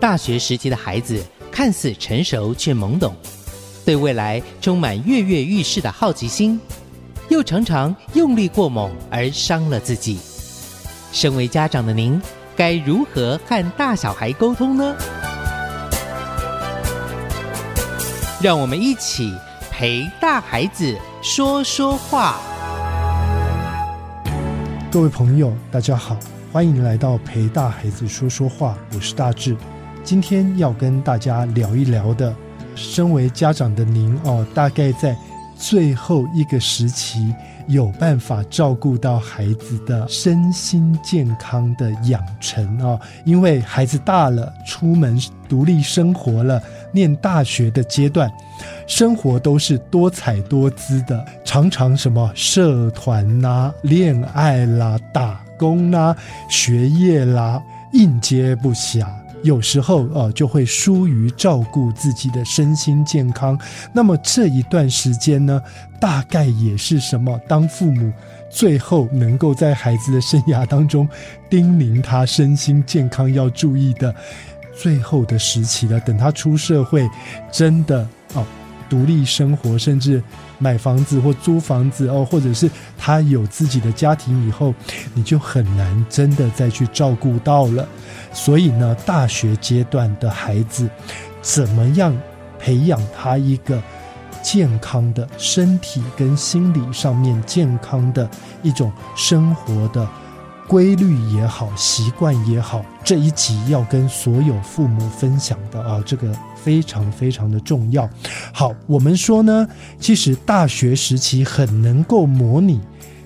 大學時期的孩子看似成熟卻懵懂，對未來充滿躍躍欲試的好奇心，又常常用力過猛而傷了自己。身為家長的您，該如何和大小孩溝通呢？讓我們一起陪大孩子說說話。各位朋友，大家好，歡迎來到陪大孩子說說話，我是大智。今天要跟大家聊一聊的，身為家長的您哦，大概在最後一個時期有辦法照顧到孩子的身心健康的養成啊、哦？因為孩子大了，出門獨立生活了，念大學的階段，生活都是多彩多姿的，常常什麼社團啦、啊、戀愛啦、打工啦、啊、學業啦，應接不暇、啊。有時候，呃，就會疏於照顧自己的身心健康。那麼這一段時間呢，大概也是什麼？當父母最後能夠在孩子的生涯當中叮嚀他身心健康要注意的最後的時期了。等他出社會，真的啊。哦獨立生活，甚至買房子或租房子哦，或者是他有自己的家庭以後，你就很難真的再去照顧到了。所以呢，大學階段的孩子，怎麼樣培養他一個健康的身體跟心理上面健康的一種生活的？規律也好，習慣也好，這一集要跟所有父母分享的啊，這個非常非常的重要。好，我們說呢，其實大學時期很能夠模擬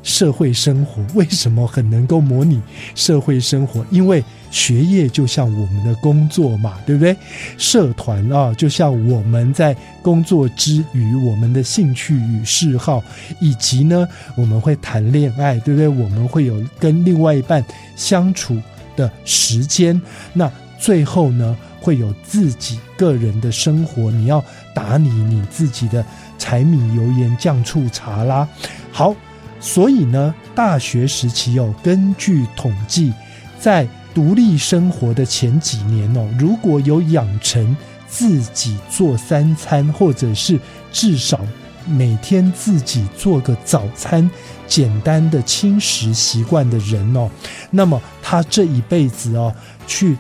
社會生活，為什麼很能夠模擬社會生活？因為學業就像我們的工作嘛，對不對？社團啊，就像我們在工作之餘，我們的興趣與嗜好，以及呢，我們會談戀愛，對不對？我們會有跟另外一半相處的時間。那最後呢，會有自己個人的生活，你要打理你自己的柴米油鹽醬醋茶啦。好。所以呢，大學時期哦，根據統計，在獨立生活的前幾年哦，如果有養成自己做三餐，或者是至少每天自己做個早餐，簡單的輕食習慣的人哦，那麼他這一輩子哦，去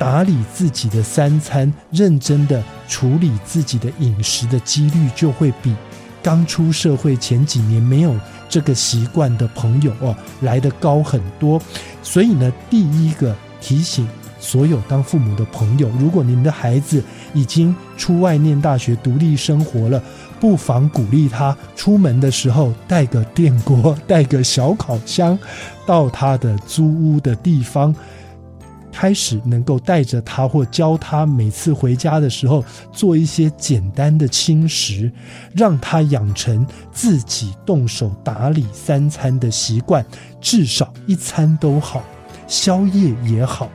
打理自己的三餐，認真的處理自己的飲食的幾率就會比。剛出社會前幾年沒有這個習慣的朋友哦，來得高很多，所以呢，第一個提醒所有當父母的朋友，如果您的孩子已經出外念大學、獨立生活了，不妨鼓勵他出門的時候帶個電鍋、帶個小烤箱，到他的租屋的地方。開始能夠帶着他或教他，每次回家的時候做一些簡單的輕食，讓他養成自己動手打理三餐的習慣，至少一餐都好，宵夜也好。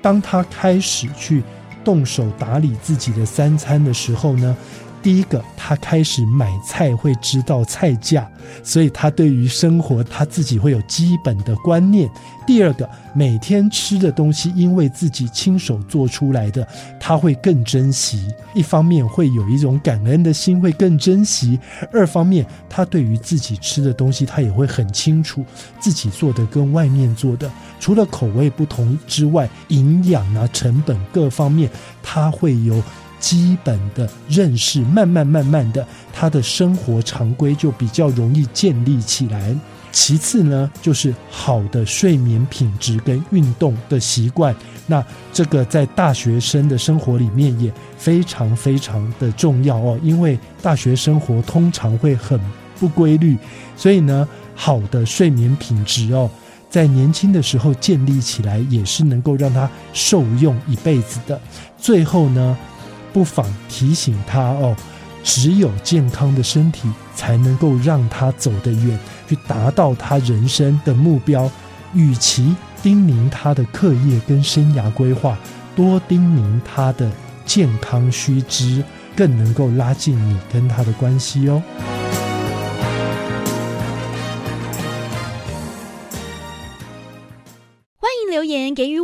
當他開始去動手打理自己的三餐的時候呢，第一個，他開始買菜會知道菜價，所以他對於生活他自己會有基本的觀念。第二個，每天吃的東西因為自己親手做出來的，他會更珍惜。一方面會有一種感恩的心，會更珍惜；二方面，他對於自己吃的東西，他也會很清楚自己做的跟外面做的，除了口味不同之外，營養啊、成本各方面，他會有基本的認識，慢慢慢慢的，他的生活常規就比較容易建立起來。其次呢，就是好的睡眠品質跟運動的習慣。那這個在大學生的生活裡面也非常非常的重要哦，因為大學生活通常會很不規律，所以呢，好的睡眠品質哦，在年輕的時候建立起來，也是能夠讓他受用一輩子的。最後呢，不妨提醒他哦，只有健康的身體才能夠讓他走得遠，去達到他人生的目標。與其叮嚀他的課業跟生涯規劃，多叮嚀他的健康須知，更能夠拉近你跟他的關係哦。